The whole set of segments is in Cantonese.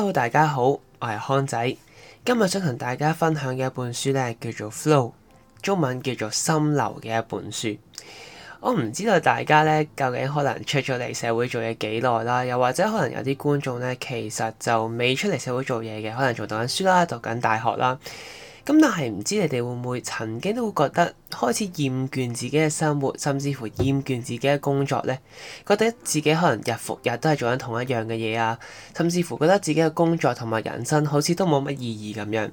Hello，大家好，我係康仔，今日想同大家分享嘅一本書咧，叫做《Flow》，中文叫做《心流》嘅一本書。我唔知道大家咧，究竟可能出咗嚟社會做嘢幾耐啦，又或者可能有啲觀眾咧，其實就未出嚟社會做嘢嘅，可能仲讀緊書啦，讀緊大學啦。咁但係唔知你哋會唔會曾經都會覺得開始厭倦自己嘅生活，甚至乎厭倦自己嘅工作咧？覺得自己可能日復日都係做緊同一樣嘅嘢啊，甚至乎覺得自己嘅工作同埋人生好似都冇乜意義咁樣。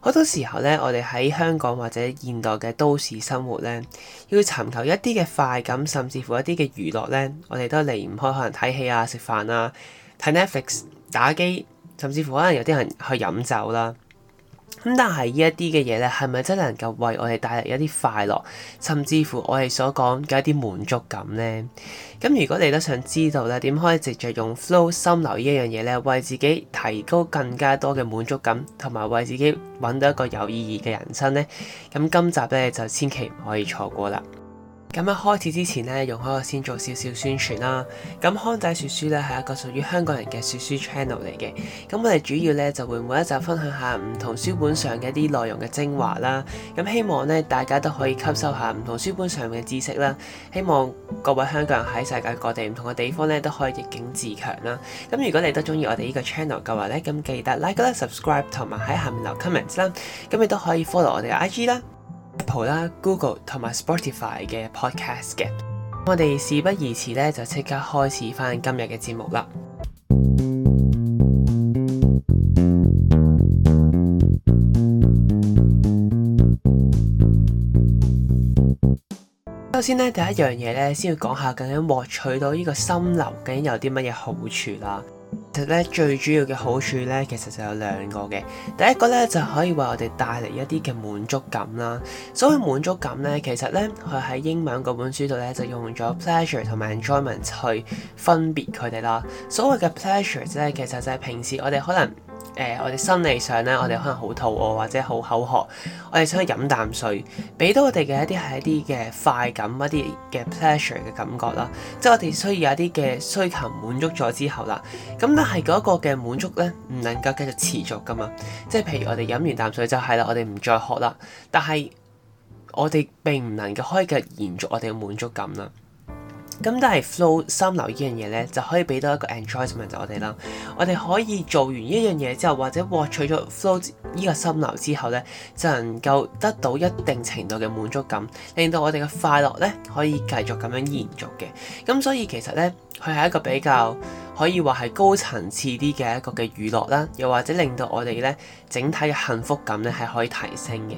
好多時候咧，我哋喺香港或者現代嘅都市生活咧，要尋求一啲嘅快感，甚至乎一啲嘅娛樂咧，我哋都離唔開可能睇戲啊、食飯啊、睇 Netflix、打機，甚至乎可能有啲人去飲酒啦。咁但係呢一啲嘅嘢咧，係咪真能夠為我哋帶嚟一啲快樂，甚至乎我哋所講嘅一啲滿足感呢？咁如果你都想知道咧，點可以直接用 flow 心流呢一樣嘢咧，為自己提高更加多嘅滿足感，同埋為自己揾到一個有意義嘅人生呢？咁今集咧就千祈唔可以錯過啦！咁喺開始之前呢，容許我先做少少宣傳啦。咁康仔說書呢，係一個屬於香港人嘅說書 channel 嚟嘅。咁我哋主要呢，會會就會每一集分享下唔同書本上嘅一啲內容嘅精華啦。咁希望呢，大家都可以吸收下唔同書本上嘅知識啦。希望各位香港人喺世界各地唔同嘅地方呢，都可以逆境自強啦。咁如果你都中意我哋呢個 channel 嘅話呢，咁記得 like 啦、like、subscribe 同埋喺下面留 comments 啦。咁你都可以 follow 我哋嘅 IG 啦。Apple 啦、Google 同埋 Spotify 嘅 Podcast 嘅，我哋事不宜遲咧，就即刻開始翻今日嘅節目啦。首先咧，第一樣嘢咧，先要講下究竟獲取到呢個心流，究竟有啲乜嘢好處啦。其實咧，最主要嘅好處咧，其實就有兩個嘅。第一個咧，就可以為我哋帶嚟一啲嘅滿足感啦。所謂滿足感咧，其實咧，佢喺英文嗰本書度咧，就用咗 pleasure 同埋 enjoyment 去分別佢哋啦。所謂嘅 pleasure 咧，其實就係平時我哋可能。誒、呃，我哋心理上咧，我哋可能好肚餓或者好口渴，我哋想去飲啖水，俾到我哋嘅一啲係一啲嘅快感，一啲嘅 pleasure 嘅感覺啦，即係我哋需要有一啲嘅需求滿足咗之後啦，咁但係嗰個嘅滿足咧，唔能夠繼續持續噶嘛，即係譬如我哋飲完啖水就係啦，我哋唔再渴啦，但係我哋並唔能夠可以繼續延續我哋嘅滿足感啦。咁但係 flow 心流呢樣嘢呢，就可以俾到一個 enjoyment 就我哋啦。我哋可以做完一樣嘢之後，或者獲取咗 flow 呢個心流之後呢，就能夠得到一定程度嘅滿足感，令到我哋嘅快樂呢可以繼續咁樣延續嘅。咁所以其實呢，佢係一個比較，可以話係高層次啲嘅一個嘅娛樂啦，又或者令到我哋咧整體嘅幸福感咧係可以提升嘅。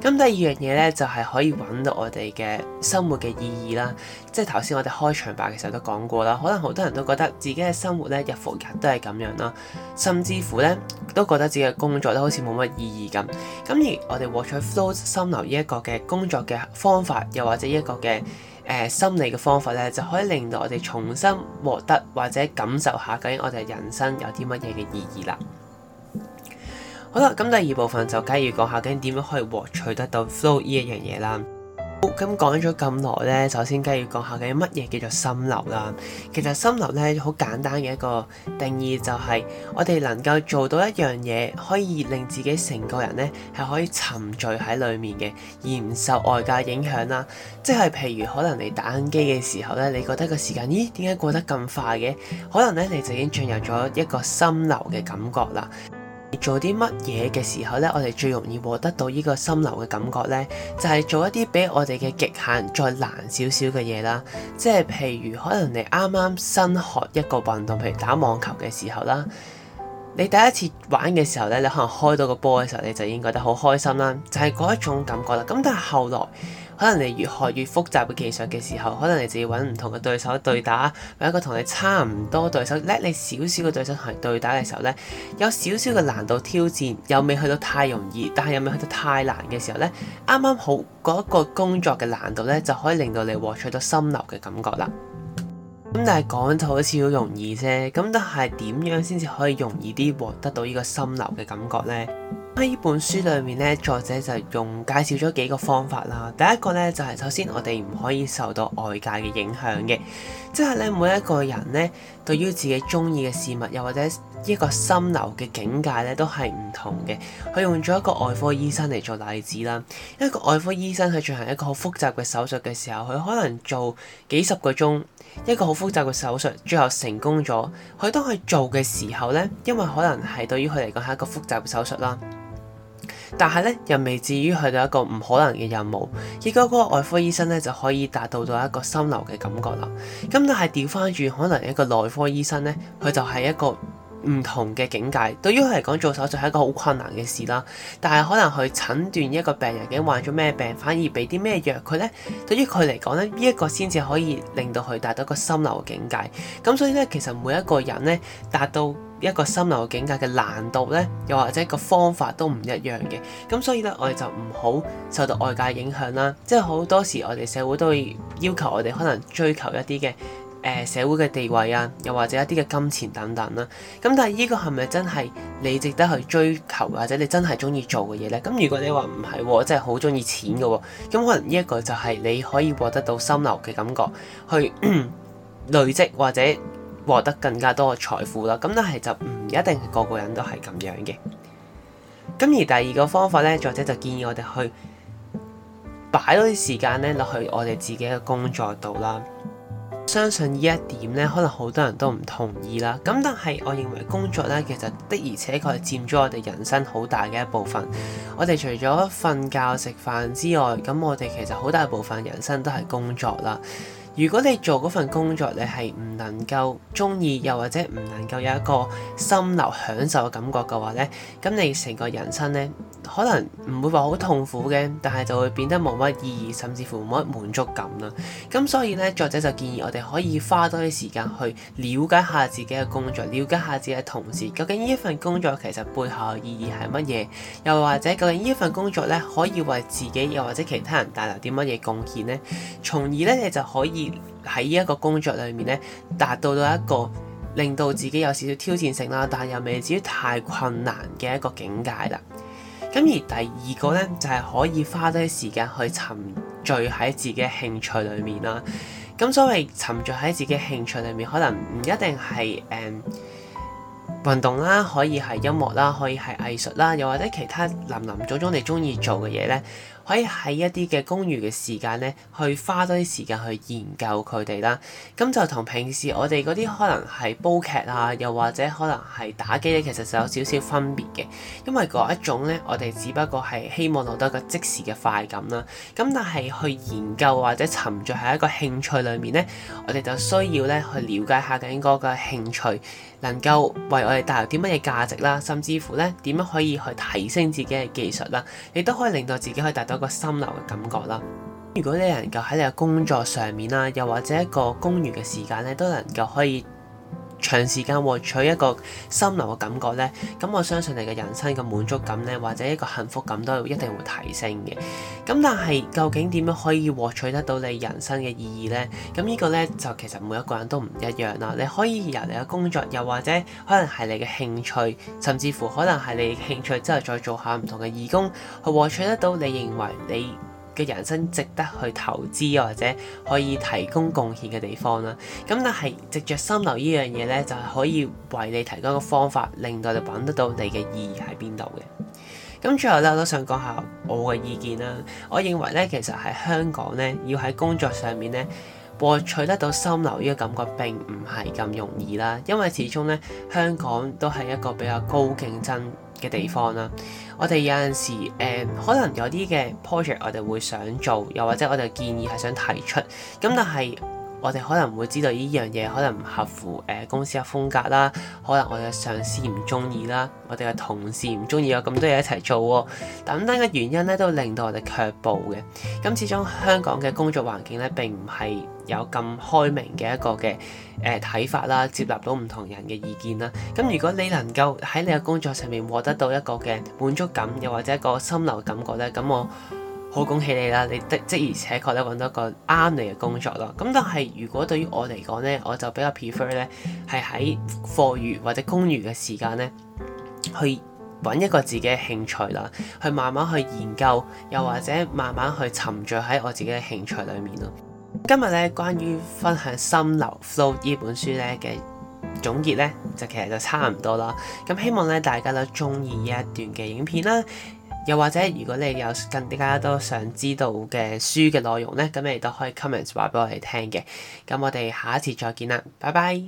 咁第二樣嘢咧就係可以揾到我哋嘅生活嘅意義啦。即係頭先我哋開場白嘅時候都講過啦，可能好多人都覺得自己嘅生活咧日復日都係咁樣啦，甚至乎咧都覺得自己嘅工作都好似冇乜意義咁。咁而我哋獲取 flow 心流呢一個嘅工作嘅方法，又或者一個嘅。誒、呃、心理嘅方法咧，就可以令到我哋重新獲得或者感受下究竟我哋人生有啲乜嘢嘅意義啦。好啦，咁第二部分就介意講下究竟點樣可以獲取得到 flow 呢一樣嘢啦。咁講咗咁耐呢，首先梗係要講下嘅乜嘢叫做心流啦。其實心流呢，好簡單嘅一個定義就係我哋能夠做到一樣嘢，可以令自己成個人呢係可以沉醉喺裡面嘅，而唔受外界影響啦。即係譬如可能你打緊機嘅時候呢，你覺得個時間咦點解過得咁快嘅？可能呢你就已經進入咗一個心流嘅感覺啦。做啲乜嘢嘅時候呢，我哋最容易獲得到呢個心流嘅感覺呢，就係做一啲俾我哋嘅極限再難少少嘅嘢啦。即係譬如可能你啱啱新學一個運動，譬如打網球嘅時候啦，你第一次玩嘅時候呢，你可能開到個波嘅時候，你就已經覺得好開心啦，就係嗰一種感覺啦。咁但係後來，可能你越學越複雜嘅技術嘅時候，可能你就要揾唔同嘅對手對打，揾一個同你差唔多對手，叻你少少嘅對手同你對打嘅時候呢，有少少嘅難度挑戰，又未去到太容易，但係又未去到太難嘅時候呢，啱啱好嗰個工作嘅難度呢，就可以令到你獲取到心流嘅感覺啦。咁但係講就好似好容易啫，咁但係點樣先至可以容易啲獲得到呢個心流嘅感覺呢？喺呢本書裏面咧，作者就用介紹咗幾個方法啦。第一個咧就係首先，我哋唔可以受到外界嘅影響嘅，即係咧每一個人咧對於自己中意嘅事物，又或者一個心流嘅境界咧都係唔同嘅。佢用咗一個外科醫生嚟做例子啦。一個外科醫生去進行一個好複雜嘅手術嘅時候，佢可能做幾十個鐘一個好複雜嘅手術，最後成功咗。佢當佢做嘅時候咧，因為可能係對於佢嚟講係一個複雜嘅手術啦。但係咧，又未至於去到一個唔可能嘅任務，結果嗰個外科醫生咧就可以達到到一個心流嘅感覺啦。咁但係調翻轉，可能一個內科醫生咧，佢就係一個唔同嘅境界，對於佢嚟講做手術係一個好困難嘅事啦。但係可能去診斷一個病人已經患咗咩病，反而俾啲咩藥佢呢？對於佢嚟講咧，呢一個先至可以令到佢達到一個心流嘅境界。咁所以呢，其實每一個人呢，達到一個心流嘅境界嘅難度呢，又或者個方法都唔一樣嘅。咁所以呢，我哋就唔好受到外界影響啦。即係好多時，我哋社會都會要求我哋可能追求一啲嘅。誒、呃、社會嘅地位啊，又或者一啲嘅金錢等等啦、啊，咁但係呢個係咪真係你值得去追求，或者你真係中意做嘅嘢呢？咁如果你話唔係，真係好中意錢嘅、啊，咁可能呢一個就係你可以獲得到心流嘅感覺，去累積或者獲得更加多嘅財富啦。咁但係就唔一定個個人都係咁樣嘅。咁而第二個方法呢，作者就建議我哋去擺多啲時間呢，落去我哋自己嘅工作度啦。相信呢一點呢，可能好多人都唔同意啦。咁但係，我認為工作呢，其實的而且確係佔咗我哋人生好大嘅一部分。我哋除咗瞓覺食飯之外，咁我哋其實好大部分人生都係工作啦。如果你做嗰份工作，你係唔能夠中意，又或者唔能夠有一個心流享受嘅感覺嘅話咧，咁你成個人生咧，可能唔會話好痛苦嘅，但係就會變得冇乜意義，甚至乎冇乜滿足感啦。咁所以咧，作者就建議我哋可以花多啲時間去了解下自己嘅工作，了解下自己嘅同事，究竟呢一份工作其實背後嘅意義係乜嘢，又或者究竟呢一份工作咧可以為自己又或者其他人帶來啲乜嘢貢獻咧，從而咧你就可以。喺呢一個工作裏面咧，達到到一個令到自己有少少挑戰性啦，但又未至於太困難嘅一個境界啦。咁而第二個咧，就係可以花多啲時間去沉醉喺自己興趣裏面啦。咁所謂沉醉喺自己興趣裏面，可能唔一定係誒運動啦，可以係音樂啦，可以係藝術啦，又或者其他林林種種你中意做嘅嘢咧。可以喺一啲嘅公餘嘅時間咧，去花多啲時間去研究佢哋啦。咁就同平時我哋嗰啲可能係煲劇啊，又或者可能係打機咧，其實就有少少分別嘅。因為嗰一種咧，我哋只不過係希望攞得一個即時嘅快感啦。咁但係去研究或者沉醉喺一個興趣裏面咧，我哋就需要咧去了解下究竟嗰個興趣能夠為我哋帶嚟啲乜嘢價值啦，甚至乎咧點樣可以去提升自己嘅技術啦，亦都可以令到自己可以達到。一個心流嘅感覺啦，如果你能夠喺你嘅工作上面啦，又或者一個工餘嘅時間咧，都能夠可以。長時間獲取一個心流嘅感覺呢，咁我相信你嘅人生嘅滿足感呢，或者一個幸福感都一定會提升嘅。咁但係究竟點樣可以獲取得到你人生嘅意義呢？咁呢個呢，就其實每一個人都唔一樣啦。你可以由你嘅工作，又或者可能係你嘅興趣，甚至乎可能係你興趣之後再做下唔同嘅義工，去獲取得到你認為你。嘅人生值得去投資或者可以提供貢獻嘅地方啦。咁但係藉着心流依樣嘢呢，就係可以為你提供一個方法，令到你揾得到你嘅意義喺邊度嘅。咁最後咧，我都想講下我嘅意見啦。我認為呢，其實喺香港呢，要喺工作上面呢，獲取得到心流依個感覺並唔係咁容易啦。因為始終呢，香港都係一個比較高競爭嘅地方啦，我哋有陣時誒、呃、可能有啲嘅 project 我哋會想做，又或者我哋建議係想提出，咁但係。我哋可能會知道呢樣嘢可能唔合乎誒、呃、公司嘅風格啦，可能我嘅上司唔中意啦，我哋嘅同事唔中意有咁多嘢一齊做喎、啊、等等嘅原因咧，都令到我哋卻步嘅。咁始終香港嘅工作環境咧，並唔係有咁開明嘅一個嘅誒睇法啦，接納到唔同人嘅意見啦。咁如果你能夠喺你嘅工作上面獲得到一個嘅滿足感，又或者一個心流感覺咧，咁我好恭喜你啦！你的即而且確咧揾到一個啱你嘅工作咯。咁但係如果對於我嚟講呢，我就比較 prefer 咧係喺課餘或者公餘嘅時間呢，去揾一個自己嘅興趣啦，去慢慢去研究，又或者慢慢去沉醉喺我自己嘅興趣裡面咯。今日呢，關於分享《心流 Flow》呢本書呢嘅總結呢，就其實就差唔多啦。咁希望呢，大家都中意呢一段嘅影片啦。又或者，如果你有更加多想知道嘅書嘅內容咧，咁你都可以 comment 話俾我哋聽嘅。咁我哋下一次再見啦，拜拜。